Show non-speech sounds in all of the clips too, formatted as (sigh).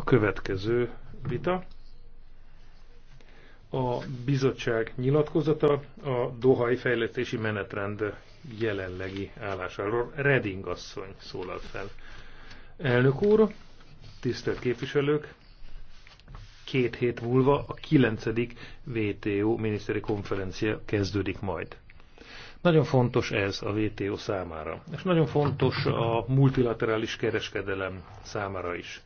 a következő vita. A bizottság nyilatkozata a Dohai fejlesztési menetrend jelenlegi állásáról. Reding asszony szólalt fel. Elnök úr, tisztelt képviselők, két hét múlva a 9. WTO miniszteri konferencia kezdődik majd. Nagyon fontos ez a WTO számára, és nagyon fontos a multilaterális kereskedelem számára is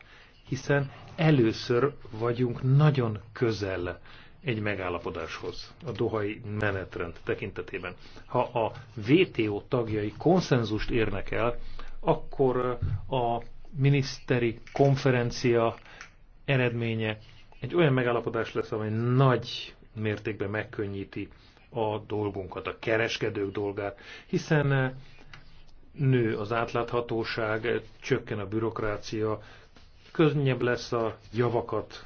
hiszen először vagyunk nagyon közel egy megállapodáshoz a dohai menetrend tekintetében. Ha a WTO tagjai konszenzust érnek el, akkor a miniszteri konferencia eredménye egy olyan megállapodás lesz, amely nagy mértékben megkönnyíti a dolgunkat, a kereskedők dolgát, hiszen nő az átláthatóság, csökken a bürokrácia, könnyebb lesz a javakat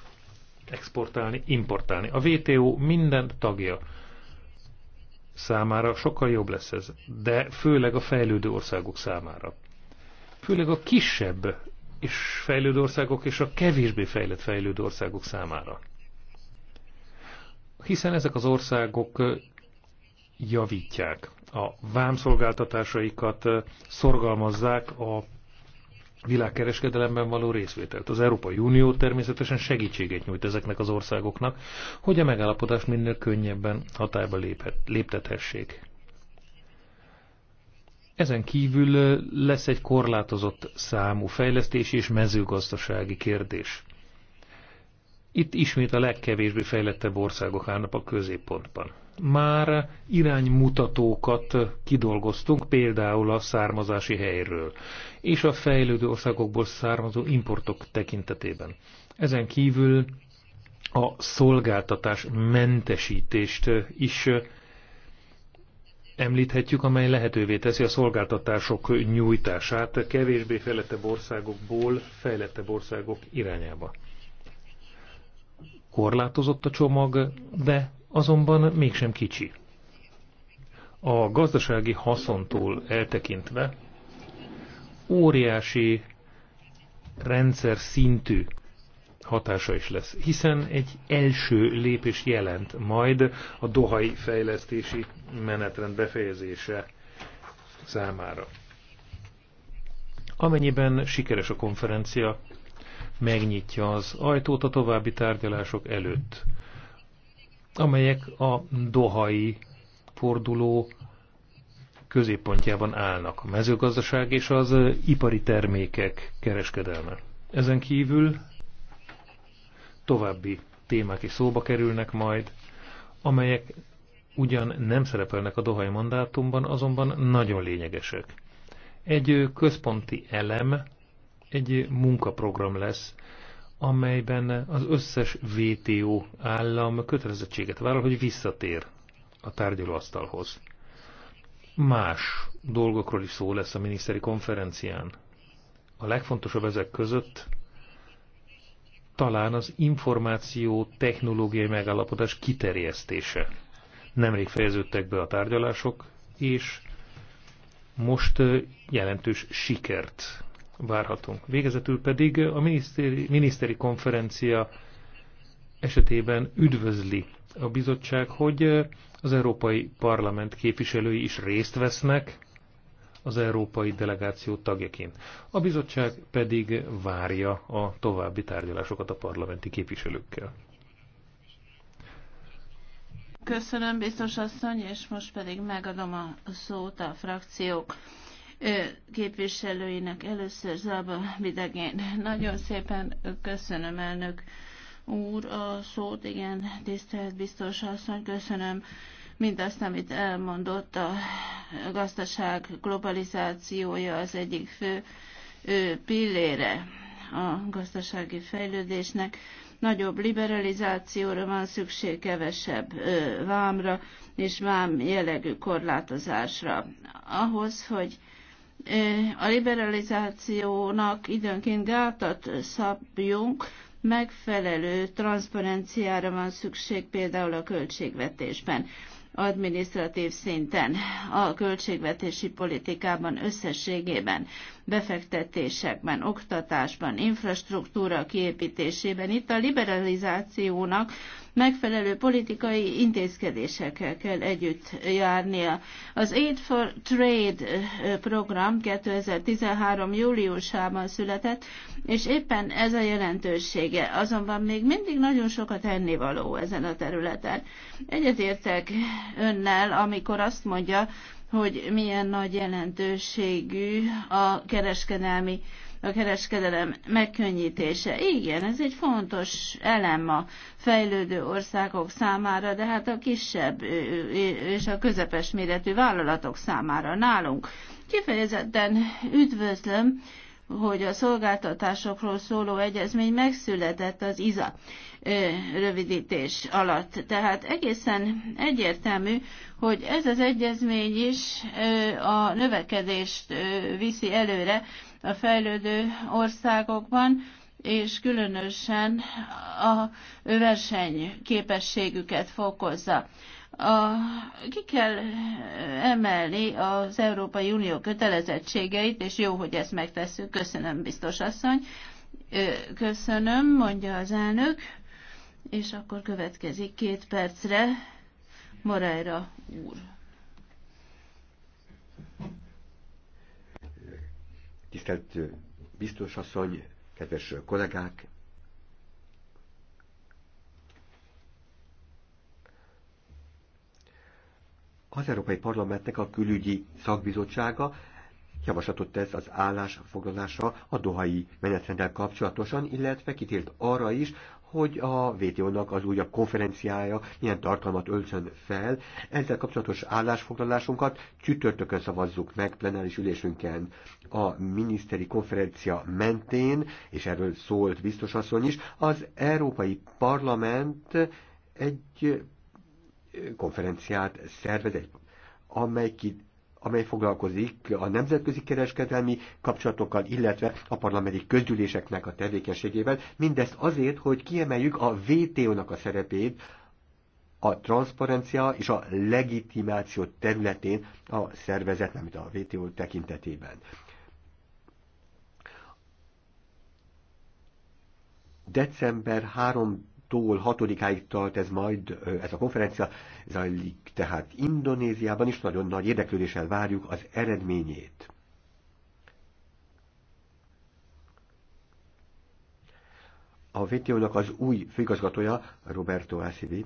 exportálni, importálni. A WTO minden tagja számára sokkal jobb lesz ez, de főleg a fejlődő országok számára. Főleg a kisebb és fejlődő országok és a kevésbé fejlett fejlődő országok számára. Hiszen ezek az országok javítják a vámszolgáltatásaikat, szorgalmazzák a világkereskedelemben való részvételt. Az Európai Unió természetesen segítséget nyújt ezeknek az országoknak, hogy a megállapodást minél könnyebben hatályba léphet, léptethessék. Ezen kívül lesz egy korlátozott számú fejlesztési és mezőgazdasági kérdés. Itt ismét a legkevésbé fejlettebb országok állnak a középpontban. Már iránymutatókat kidolgoztunk, például a származási helyről, és a fejlődő országokból származó importok tekintetében. Ezen kívül a szolgáltatás mentesítést is említhetjük, amely lehetővé teszi a szolgáltatások nyújtását kevésbé fejlettebb országokból fejlettebb országok irányába. Korlátozott a csomag, de azonban mégsem kicsi. A gazdasági haszontól eltekintve óriási rendszer szintű hatása is lesz, hiszen egy első lépés jelent majd a dohai fejlesztési menetrend befejezése számára. Amennyiben sikeres a konferencia, megnyitja az ajtót a további tárgyalások előtt, amelyek a dohai forduló középpontjában állnak, a mezőgazdaság és az ipari termékek kereskedelme. Ezen kívül további témák is szóba kerülnek majd, amelyek ugyan nem szerepelnek a dohai mandátumban, azonban nagyon lényegesek. Egy központi elem egy munkaprogram lesz, amelyben az összes VTO állam kötelezettséget vállal, hogy visszatér a tárgyalóasztalhoz. Más dolgokról is szó lesz a miniszteri konferencián. A legfontosabb ezek között talán az információ technológiai megállapodás kiterjesztése. Nemrég fejeződtek be a tárgyalások, és most jelentős sikert várhatunk. Végezetül pedig a miniszteri, miniszteri konferencia esetében üdvözli a bizottság, hogy az Európai Parlament képviselői is részt vesznek az európai delegáció tagjaként. A bizottság pedig várja a további tárgyalásokat a parlamenti képviselőkkel. Köszönöm, biztos asszony, és most pedig megadom a szót a frakciók képviselőinek. Először Zába Bidegén. Nagyon szépen köszönöm, elnök úr, a szót. Igen, tisztelt biztos asszony, köszönöm mindazt, amit elmondott. A gazdaság globalizációja az egyik fő pillére a gazdasági fejlődésnek nagyobb liberalizációra van szükség, kevesebb vámra és vám jellegű korlátozásra. Ahhoz, hogy a liberalizációnak időnként gátat szabjunk, megfelelő transzparenciára van szükség például a költségvetésben adminisztratív szinten, a költségvetési politikában összességében befektetésekben, oktatásban, infrastruktúra kiépítésében. Itt a liberalizációnak megfelelő politikai intézkedésekkel kell együtt járnia. Az Aid for Trade eh, program 2013. júliusában született, és éppen ez a jelentősége. Azonban még mindig nagyon sokat ennivaló ezen a területen. Egyetértek önnel, amikor azt mondja, hogy milyen nagy jelentőségű a kereskedelmi a kereskedelem megkönnyítése. Igen, ez egy fontos elem a fejlődő országok számára, de hát a kisebb és a közepes méretű vállalatok számára nálunk. Kifejezetten üdvözlöm, hogy a szolgáltatásokról szóló egyezmény megszületett az IZA rövidítés alatt. Tehát egészen egyértelmű, hogy ez az egyezmény is a növekedést viszi előre a fejlődő országokban, és különösen a versenyképességüket fokozza a, ki kell eh, emelni az Európai Unió kötelezettségeit, és jó, hogy ezt megtesszük. Köszönöm, biztos asszony. Köszönöm, mondja az elnök. És akkor következik két percre Moreira úr. Tisztelt biztos asszony, kedves kollégák, Az Európai Parlamentnek a külügyi szakbizottsága javaslatot tesz az állásfoglalásra a dohai menetrenddel kapcsolatosan, illetve kitért arra is, hogy a vto nak az újabb konferenciája milyen tartalmat öltsön fel. Ezzel kapcsolatos állásfoglalásunkat csütörtökön szavazzuk meg plenáris ülésünken a miniszteri konferencia mentén, és erről szólt biztosasszony is, az Európai Parlament egy konferenciát szervez, egy, amely, ki, amely foglalkozik a nemzetközi kereskedelmi kapcsolatokkal, illetve a parlamenti közgyűléseknek a tevékenységével. Mindezt azért, hogy kiemeljük a WTO-nak a szerepét a transzparencia és a legitimáció területén a szervezet, nem a WTO tekintetében. december 3 tól 6-áig tart ez majd, ez a konferencia zajlik tehát Indonéziában is, nagyon nagy érdeklődéssel várjuk az eredményét. A vto nak az új főigazgatója, Roberto Asivi,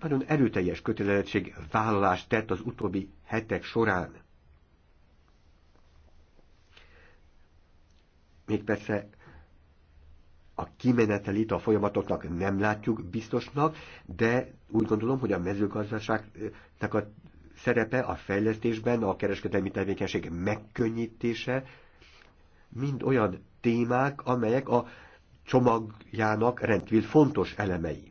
nagyon erőteljes kötelezettség vállalást tett az utóbbi hetek során. Még persze a kimenetelit a folyamatoknak nem látjuk biztosnak, de úgy gondolom, hogy a mezőgazdaságnak a szerepe a fejlesztésben, a kereskedelmi tevékenység megkönnyítése, mind olyan témák, amelyek a csomagjának rendkívül fontos elemei.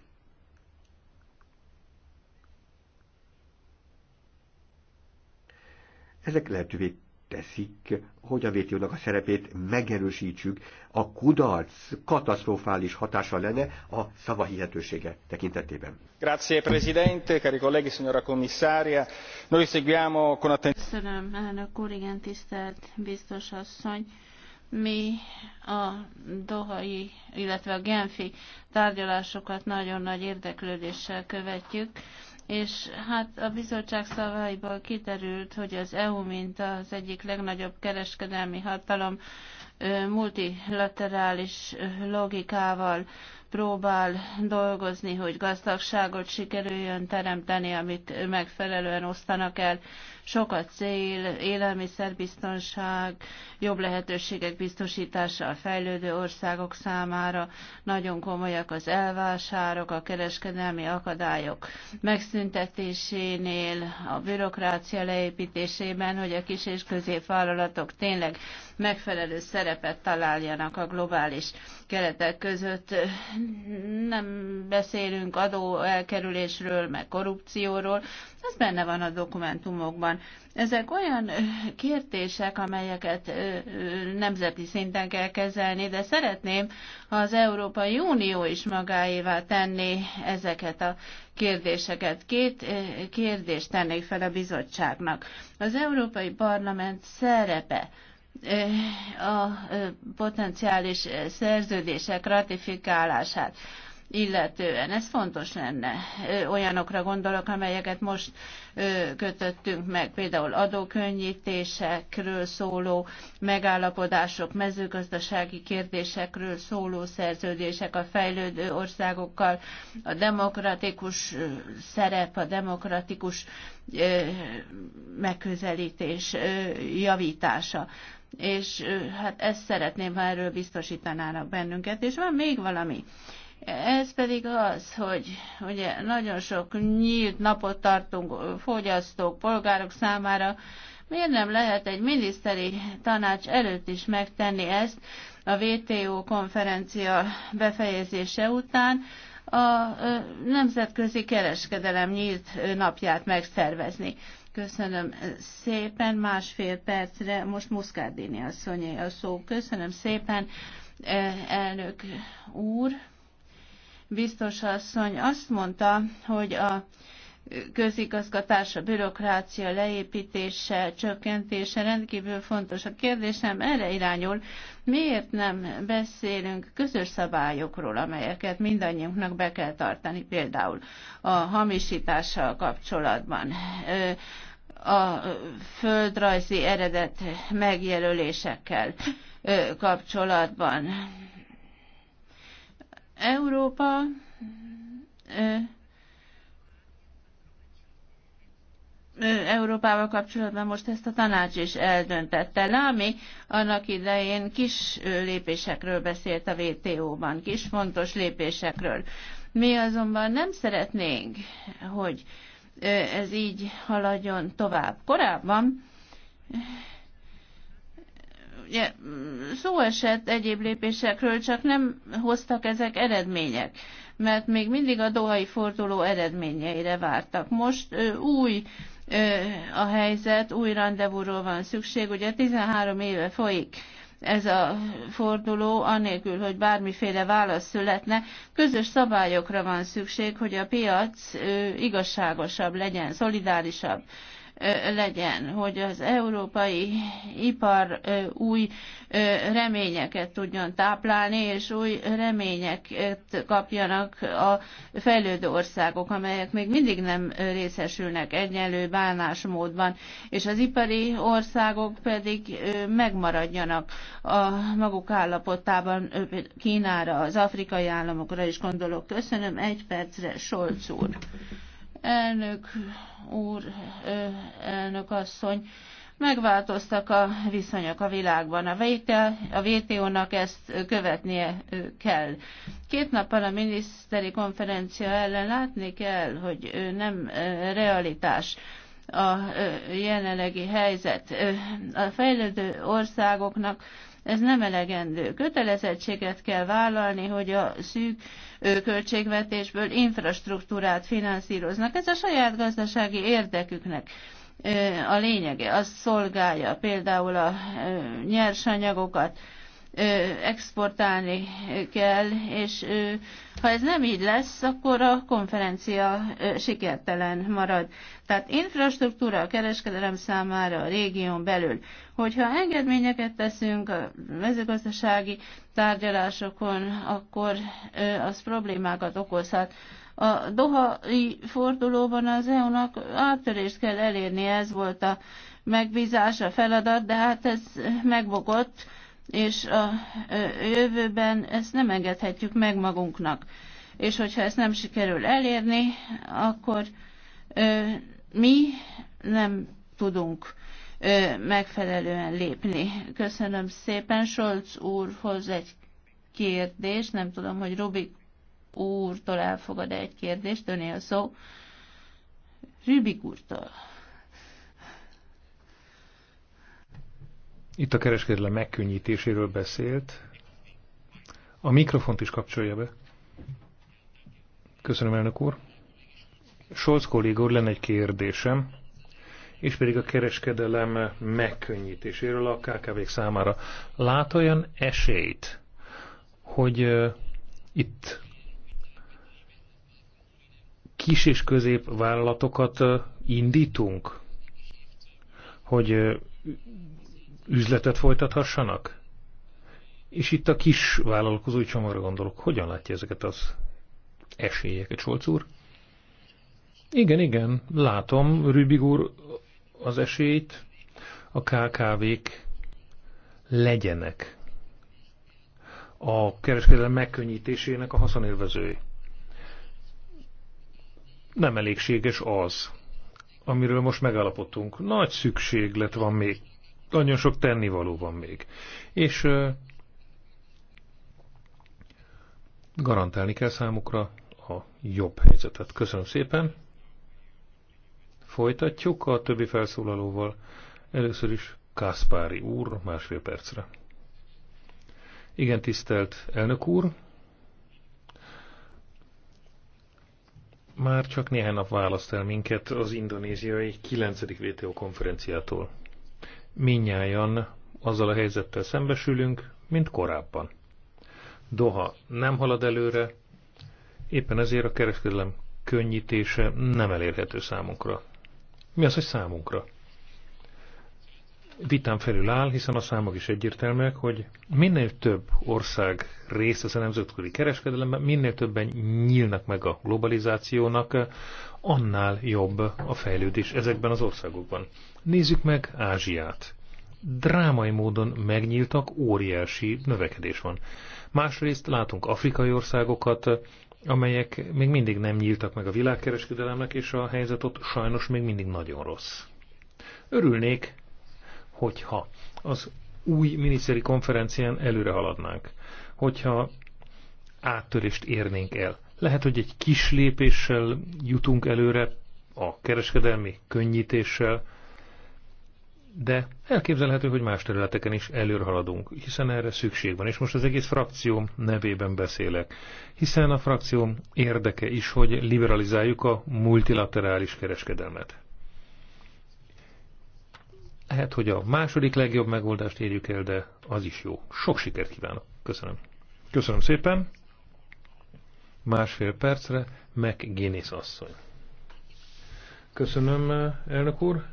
Ezek lehetővé teszik, hogy a wto a szerepét megerősítsük, a kudarc katasztrofális hatása lenne a szavahihetősége tekintetében. Grazie Presidente, cari colleghi, signora commissaria. Noi seguiamo con attenzione. Köszönöm, elnök úr, igen, tisztelt biztos asszony. Mi a dohai, illetve a genfi tárgyalásokat nagyon nagy érdeklődéssel követjük és hát a bizottság szavaiból kiderült, hogy az EU, mint az egyik legnagyobb kereskedelmi hatalom multilaterális logikával próbál dolgozni, hogy gazdagságot sikerüljön teremteni, amit megfelelően osztanak el. Sok a cél, élelmiszerbiztonság, jobb lehetőségek biztosítása a fejlődő országok számára, nagyon komolyak az elvásárok, a kereskedelmi akadályok megszüntetésénél, a bürokrácia leépítésében, hogy a kis és középvállalatok tényleg megfelelő szerepet találjanak a globális keretek között nem beszélünk adó elkerülésről, meg korrupcióról, ez benne van a dokumentumokban. Ezek olyan kérdések, amelyeket nemzeti szinten kell kezelni, de szeretném, ha az Európai Unió is magáévá tenni ezeket a kérdéseket. Két kérdést tennék fel a bizottságnak. Az Európai Parlament szerepe a potenciális szerződések ratifikálását illetően. Ez fontos lenne. Olyanokra gondolok, amelyeket most kötöttünk meg, például adókönnyítésekről szóló megállapodások, mezőgazdasági kérdésekről szóló szerződések a fejlődő országokkal, a demokratikus szerep, a demokratikus megközelítés javítása és hát ezt szeretném, ha erről biztosítanának bennünket. És van még valami. Ez pedig az, hogy ugye nagyon sok nyílt napot tartunk fogyasztók, polgárok számára, miért nem lehet egy miniszteri tanács előtt is megtenni ezt a WTO konferencia befejezése után, a nemzetközi kereskedelem nyílt napját megszervezni. Köszönöm szépen, másfél percre, most Muszkárdini asszonyé a szó. Köszönöm szépen, e, elnök úr. Biztos asszony azt mondta, hogy a közigazgatás, a bürokrácia leépítése, csökkentése rendkívül fontos. A kérdésem erre irányul, miért nem beszélünk közös szabályokról, amelyeket mindannyiunknak be kell tartani, például a hamisítással kapcsolatban a földrajzi eredet megjelölésekkel kapcsolatban. Európa Európával kapcsolatban most ezt a tanács is eldöntette. ami annak idején kis lépésekről beszélt a WTO-ban, kis fontos lépésekről. Mi azonban nem szeretnénk, hogy ez így haladjon tovább. Korábban ugye, szó esett egyéb lépésekről, csak nem hoztak ezek eredmények mert még mindig a dohai forduló eredményeire vártak. Most ö, új a helyzet, új rendezvúról van szükség, ugye 13 éve folyik ez a forduló, anélkül, hogy bármiféle válasz születne, közös szabályokra van szükség, hogy a piac igazságosabb legyen, szolidárisabb legyen, hogy az európai ipar új reményeket tudjon táplálni, és új reményeket kapjanak a fejlődő országok, amelyek még mindig nem részesülnek egyenlő bánásmódban, és az ipari országok pedig megmaradjanak a maguk állapotában Kínára, az afrikai államokra is gondolok. Köszönöm, egy percre Solc úr. Elnök úr, elnök asszony, megváltoztak a viszonyok a világban. A, a WTO-nak ezt követnie kell. Két nappal a miniszteri konferencia ellen látni kell, hogy nem realitás a jelenlegi helyzet. A fejlődő országoknak ez nem elegendő. Kötelezettséget kell vállalni, hogy a szűk költségvetésből infrastruktúrát finanszíroznak. Ez a saját gazdasági érdeküknek a lényege. Az szolgálja például a nyersanyagokat, exportálni kell, és ha ez nem így lesz, akkor a konferencia sikertelen marad. Tehát infrastruktúra a kereskedelem számára a régión belül. Hogyha engedményeket teszünk a mezőgazdasági tárgyalásokon, akkor az problémákat okozhat. A Dohai fordulóban az EU-nak áttörést kell elérni, ez volt a megbízás, a feladat, de hát ez megbogott és a jövőben ezt nem engedhetjük meg magunknak. És hogyha ezt nem sikerül elérni, akkor mi nem tudunk megfelelően lépni. Köszönöm szépen. Solc úrhoz egy kérdés, nem tudom, hogy Rubik úrtól elfogad -e egy kérdést, önél szó. Rubik úrtól. Itt a kereskedelem megkönnyítéséről beszélt. A mikrofont is kapcsolja be. Köszönöm, elnök úr. Scholz kolléga lenne egy kérdésem, és pedig a kereskedelem megkönnyítéséről a kkv számára. Lát olyan esélyt, hogy uh, itt kis és közép vállalatokat uh, indítunk, hogy uh, üzletet folytathassanak? És itt a kis vállalkozói csomagra gondolok. Hogyan látja ezeket az esélyeket, Solc úr? Igen, igen, látom, Rübig úr, az esélyt. A KKV-k legyenek a kereskedelem megkönnyítésének a haszonélvezői. Nem elégséges az, amiről most megállapodtunk. Nagy szükséglet van még nagyon sok tennivaló van még. És garantálni kell számukra a jobb helyzetet. Köszönöm szépen. Folytatjuk a többi felszólalóval. Először is Kászpári úr, másfél percre. Igen, tisztelt elnök úr. Már csak néhány nap választ el minket az indonéziai 9. VTO konferenciától minnyáján azzal a helyzettel szembesülünk, mint korábban. Doha nem halad előre, éppen ezért a kereskedelem könnyítése nem elérhető számunkra. Mi az, hogy számunkra? vitán felül áll, hiszen a számok is egyértelműek, hogy minél több ország részt vesz a nemzetközi kereskedelemben, minél többen nyílnak meg a globalizációnak, annál jobb a fejlődés ezekben az országokban. Nézzük meg Ázsiát. Drámai módon megnyíltak, óriási növekedés van. Másrészt látunk afrikai országokat, amelyek még mindig nem nyíltak meg a világkereskedelemnek, és a helyzet ott sajnos még mindig nagyon rossz. Örülnék, hogyha az új miniszteri konferencián előre haladnánk, hogyha áttörést érnénk el. Lehet, hogy egy kis lépéssel jutunk előre, a kereskedelmi könnyítéssel, de elképzelhető, hogy más területeken is előre haladunk, hiszen erre szükség van. És most az egész frakcióm nevében beszélek, hiszen a frakcióm érdeke is, hogy liberalizáljuk a multilaterális kereskedelmet. Lehet, hogy a második legjobb megoldást érjük el, de az is jó. Sok sikert kívánok. Köszönöm. Köszönöm szépen. Másfél percre meg Génész asszony. Köszönöm, elnök úr.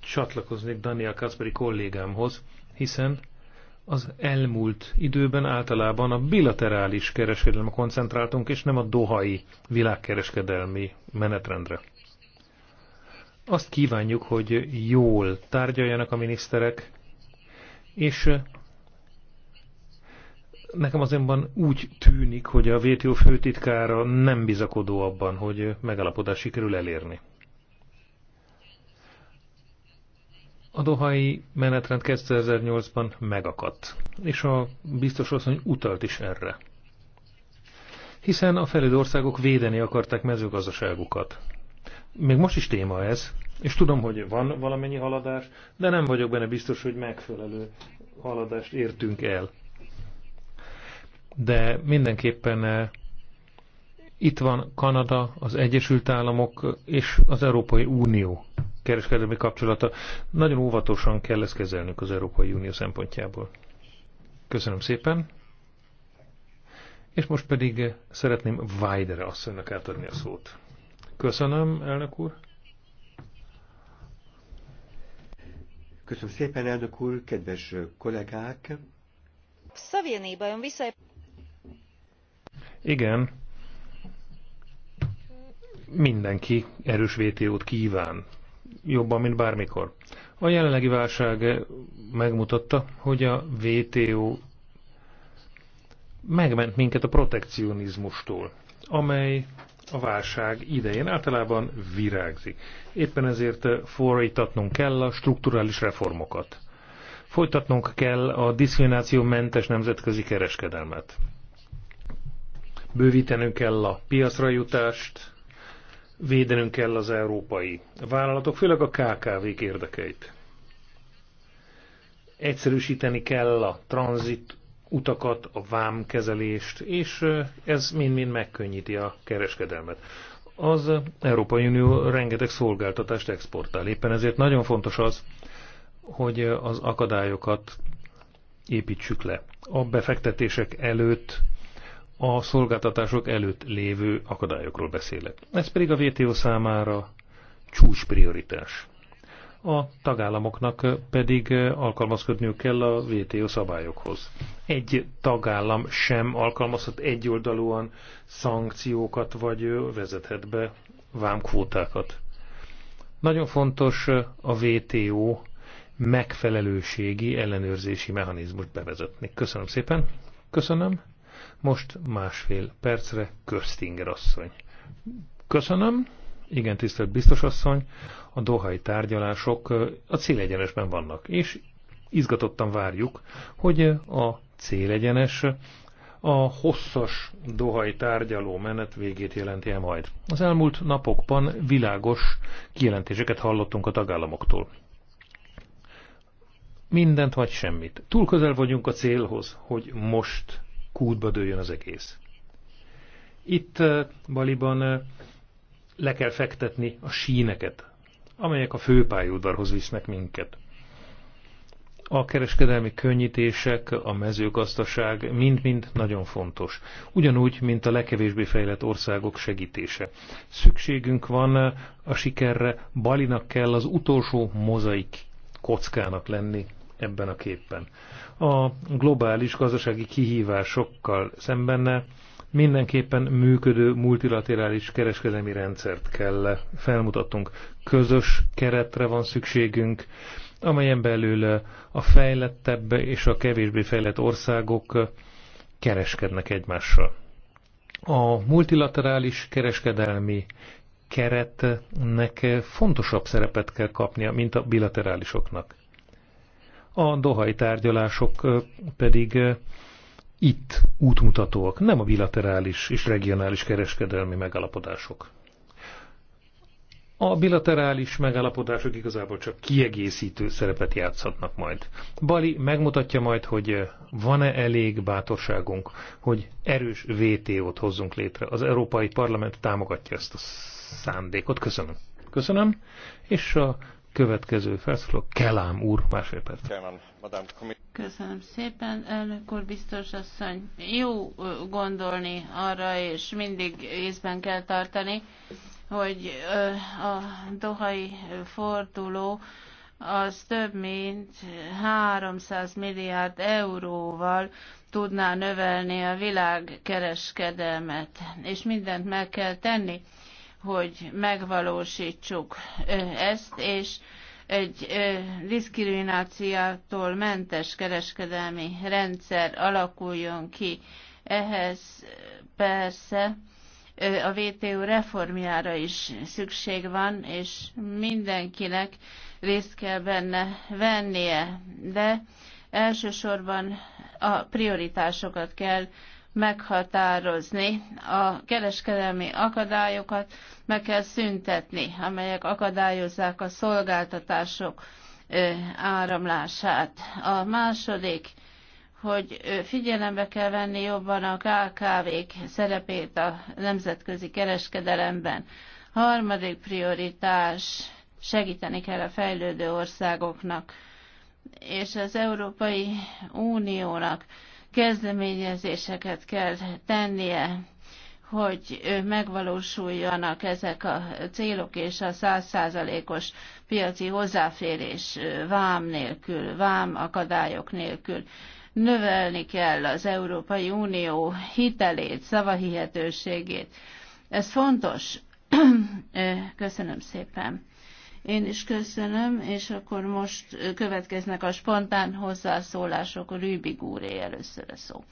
Csatlakoznék Daniel Kasperi kollégámhoz, hiszen az elmúlt időben általában a bilaterális kereskedelme koncentráltunk, és nem a dohai világkereskedelmi menetrendre. Azt kívánjuk, hogy jól tárgyaljanak a miniszterek, és nekem azonban úgy tűnik, hogy a VTO főtitkára nem bizakodó abban, hogy megalapodás sikerül elérni. A dohai menetrend 2008-ban megakadt, és a biztos asszony utalt is erre. Hiszen a felüld országok védeni akarták mezőgazdaságukat. Még most is téma ez, és tudom, hogy van valamennyi haladás, de nem vagyok benne biztos, hogy megfelelő haladást értünk el. De mindenképpen eh, itt van Kanada, az Egyesült Államok és az Európai Unió kereskedelmi kapcsolata. Nagyon óvatosan kell ezt kezelnünk az Európai Unió szempontjából. Köszönöm szépen. És most pedig eh, szeretném Weidere asszonynak átadni a szót. Köszönöm, elnök úr. Köszönöm szépen, elnök úr, kedves kollégák. Szavélnéban vissza... Igen. Mindenki erős VTO-t kíván. Jobban, mint bármikor. A jelenlegi válság megmutatta, hogy a VTO megment minket a protekcionizmustól, amely a válság idején általában virágzik. Éppen ezért fordítatnunk kell a strukturális reformokat. Folytatnunk kell a diszkriminációmentes nemzetközi kereskedelmet. Bővítenünk kell a piacra jutást, védenünk kell az európai vállalatok, főleg a KKV-k érdekeit. Egyszerűsíteni kell a tranzit utakat, a vámkezelést, és ez mind-mind megkönnyíti a kereskedelmet. Az Európai Unió rengeteg szolgáltatást exportál, éppen ezért nagyon fontos az, hogy az akadályokat építsük le. A befektetések előtt, a szolgáltatások előtt lévő akadályokról beszélek. Ez pedig a VTO számára csúcs prioritás a tagállamoknak pedig alkalmazkodniuk kell a WTO szabályokhoz. Egy tagállam sem alkalmazhat egyoldalúan szankciókat, vagy vezethet be vámkvótákat. Nagyon fontos a WTO megfelelőségi ellenőrzési mechanizmust bevezetni. Köszönöm szépen. Köszönöm. Most másfél percre Köztinger asszony. Köszönöm. Igen, tisztelt biztosasszony, a dohai tárgyalások a célegyenesben vannak, és izgatottan várjuk, hogy a célegyenes a hosszas dohai tárgyaló menet végét jelenti -e majd. Az elmúlt napokban világos kijelentéseket hallottunk a tagállamoktól. Mindent vagy semmit. Túl közel vagyunk a célhoz, hogy most kútba dőljön az egész. Itt Baliban le kell fektetni a síneket, amelyek a főpályaudvarhoz visznek minket. A kereskedelmi könnyítések, a mezőgazdaság mind-mind nagyon fontos. Ugyanúgy, mint a legkevésbé fejlett országok segítése. Szükségünk van a sikerre, Balinak kell az utolsó mozaik kockának lenni ebben a képen. A globális gazdasági kihívásokkal szemben mindenképpen működő multilaterális kereskedelmi rendszert kell felmutatnunk. Közös keretre van szükségünk, amelyen belül a fejlettebb és a kevésbé fejlett országok kereskednek egymással. A multilaterális kereskedelmi keretnek fontosabb szerepet kell kapnia, mint a bilaterálisoknak. A dohai tárgyalások pedig itt útmutatóak, nem a bilaterális és regionális kereskedelmi megállapodások. A bilaterális megállapodások igazából csak kiegészítő szerepet játszhatnak majd. Bali megmutatja majd, hogy van-e elég bátorságunk, hogy erős VTO-t hozzunk létre. Az Európai Parlament támogatja ezt a szándékot. Köszönöm. Köszönöm. És a Következő felszóló Kelám úr, másfél perc. Köszönöm szépen, elnök úr, biztos asszony. Jó gondolni arra, és mindig észben kell tartani, hogy a dohai forduló az több mint 300 milliárd euróval tudná növelni a világ kereskedelmet, és mindent meg kell tenni hogy megvalósítsuk ezt, és egy diszkriminációtól mentes kereskedelmi rendszer alakuljon ki. Ehhez persze a WTO reformjára is szükség van, és mindenkinek részt kell benne vennie, de elsősorban a prioritásokat kell meghatározni. A kereskedelmi akadályokat meg kell szüntetni, amelyek akadályozzák a szolgáltatások áramlását. A második, hogy figyelembe kell venni jobban a KKV-k szerepét a nemzetközi kereskedelemben. Harmadik prioritás, segíteni kell a fejlődő országoknak és az Európai Uniónak kezdeményezéseket kell tennie hogy megvalósuljanak ezek a célok és a százszázalékos piaci hozzáférés vám nélkül, vám akadályok nélkül. Növelni kell az Európai Unió hitelét, szavahihetőségét. Ez fontos. (clears throat) Köszönöm szépen. Én is köszönöm, és akkor most következnek a spontán hozzászólások. Rübig úré először a szó.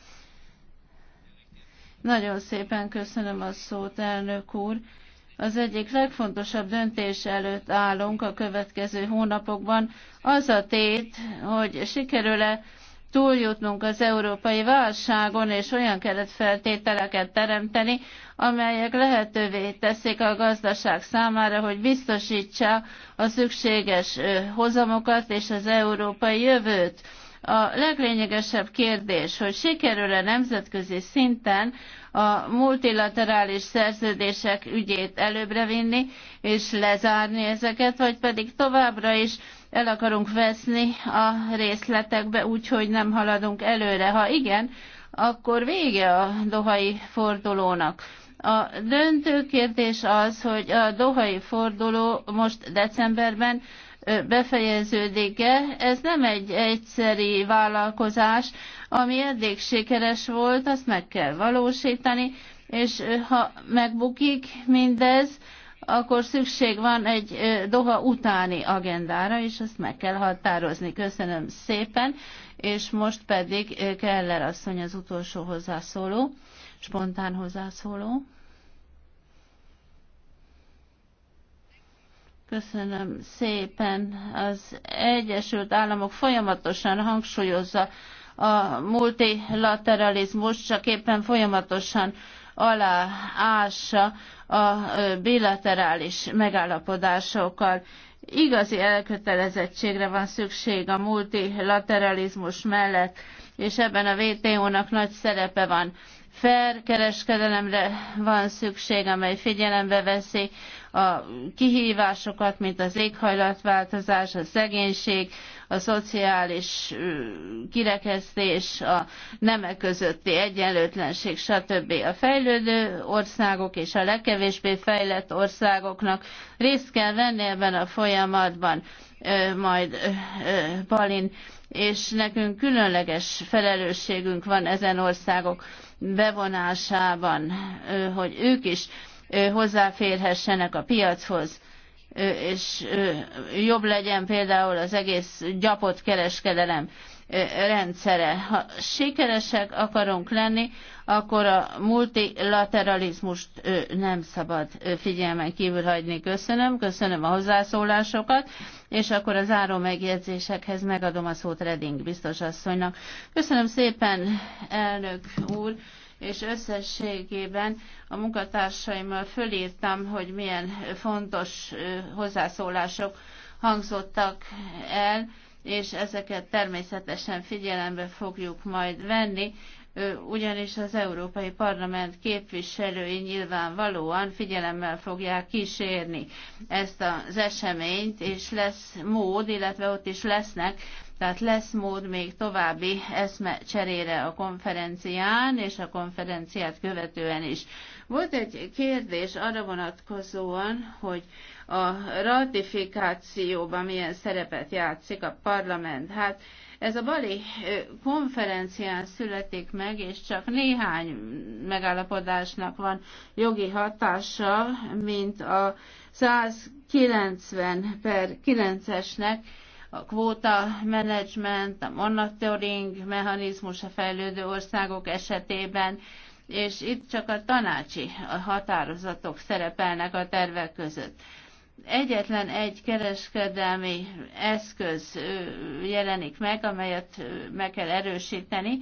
Nagyon szépen köszönöm a szót, elnök úr. Az egyik legfontosabb döntés előtt állunk a következő hónapokban. Az a tét, hogy sikerül-e túljutnunk az európai válságon, és olyan keretfeltételeket teremteni, amelyek lehetővé teszik a gazdaság számára, hogy biztosítsa a szükséges hozamokat és az európai jövőt a leglényegesebb kérdés, hogy sikerül-e nemzetközi szinten a multilaterális szerződések ügyét előbbre vinni és lezárni ezeket, vagy pedig továbbra is el akarunk veszni a részletekbe, úgyhogy nem haladunk előre. Ha igen, akkor vége a dohai fordulónak. A döntő kérdés az, hogy a dohai forduló most decemberben befejeződik-e. Ez nem egy egyszeri vállalkozás, ami eddig sikeres volt, azt meg kell valósítani, és ha megbukik mindez, akkor szükség van egy Doha utáni agendára, és azt meg kell határozni. Köszönöm szépen, és most pedig Keller asszony az utolsó hozzászóló, spontán hozzászóló. Köszönöm szépen. Az Egyesült Államok folyamatosan hangsúlyozza a multilateralizmus, csak éppen folyamatosan aláássa a bilaterális megállapodásokkal. Igazi elkötelezettségre van szükség a multilateralizmus mellett, és ebben a WTO-nak nagy szerepe van fair kereskedelemre van szükség, amely figyelembe veszi a kihívásokat, mint az éghajlatváltozás, a szegénység, a szociális kirekesztés, a nemek közötti egyenlőtlenség, stb. A fejlődő országok és a legkevésbé fejlett országoknak részt kell venni ebben a folyamatban, majd Palin, és nekünk különleges felelősségünk van ezen országok bevonásában, hogy ők is hozzáférhessenek a piachoz és jobb legyen például az egész gyapott kereskedelem rendszere. Ha sikeresek akarunk lenni, akkor a multilateralizmust nem szabad figyelmen kívül hagyni. Köszönöm, köszönöm a hozzászólásokat, és akkor a záró megjegyzésekhez megadom a szót Reding biztos asszonynak. Köszönöm szépen, elnök úr! és összességében a munkatársaimmal fölírtam, hogy milyen fontos hozzászólások hangzottak el, és ezeket természetesen figyelembe fogjuk majd venni, ugyanis az Európai Parlament képviselői nyilvánvalóan figyelemmel fogják kísérni ezt az eseményt, és lesz mód, illetve ott is lesznek tehát lesz mód még további eszme cserére a konferencián, és a konferenciát követően is. Volt egy kérdés arra vonatkozóan, hogy a ratifikációban milyen szerepet játszik a parlament. Hát ez a Bali konferencián születik meg, és csak néhány megállapodásnak van jogi hatása, mint a 190 per 9-esnek, a kvóta menedzsment, a monitoring mechanizmus a fejlődő országok esetében, és itt csak a tanácsi határozatok szerepelnek a tervek között. Egyetlen egy kereskedelmi eszköz jelenik meg, amelyet meg kell erősíteni,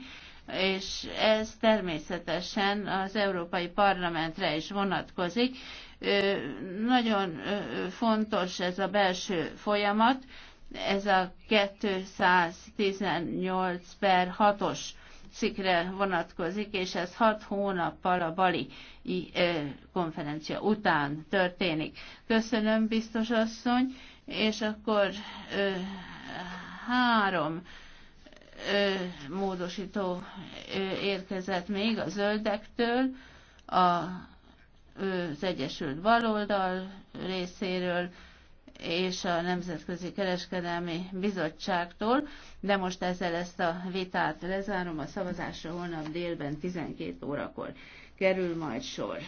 és ez természetesen az Európai Parlamentre is vonatkozik. Nagyon fontos ez a belső folyamat, ez a 218 per 6-os cikre vonatkozik, és ez hat hónappal a bali konferencia után történik. Köszönöm, biztos asszony, és akkor ö, három ö, módosító ö, érkezett még a zöldektől, a, ö, az Egyesült Baloldal részéről, és a Nemzetközi Kereskedelmi Bizottságtól, de most ezzel ezt a vitát lezárom, a szavazásra holnap délben 12 órakor kerül majd sor.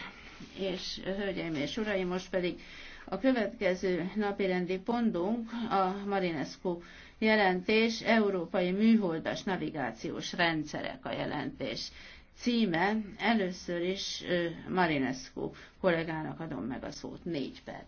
És hölgyeim és uraim, most pedig a következő napirendi pontunk a Marinescu jelentés, Európai Műholdas Navigációs Rendszerek a jelentés címe. Először is Marinescu kollégának adom meg a szót, négy perc.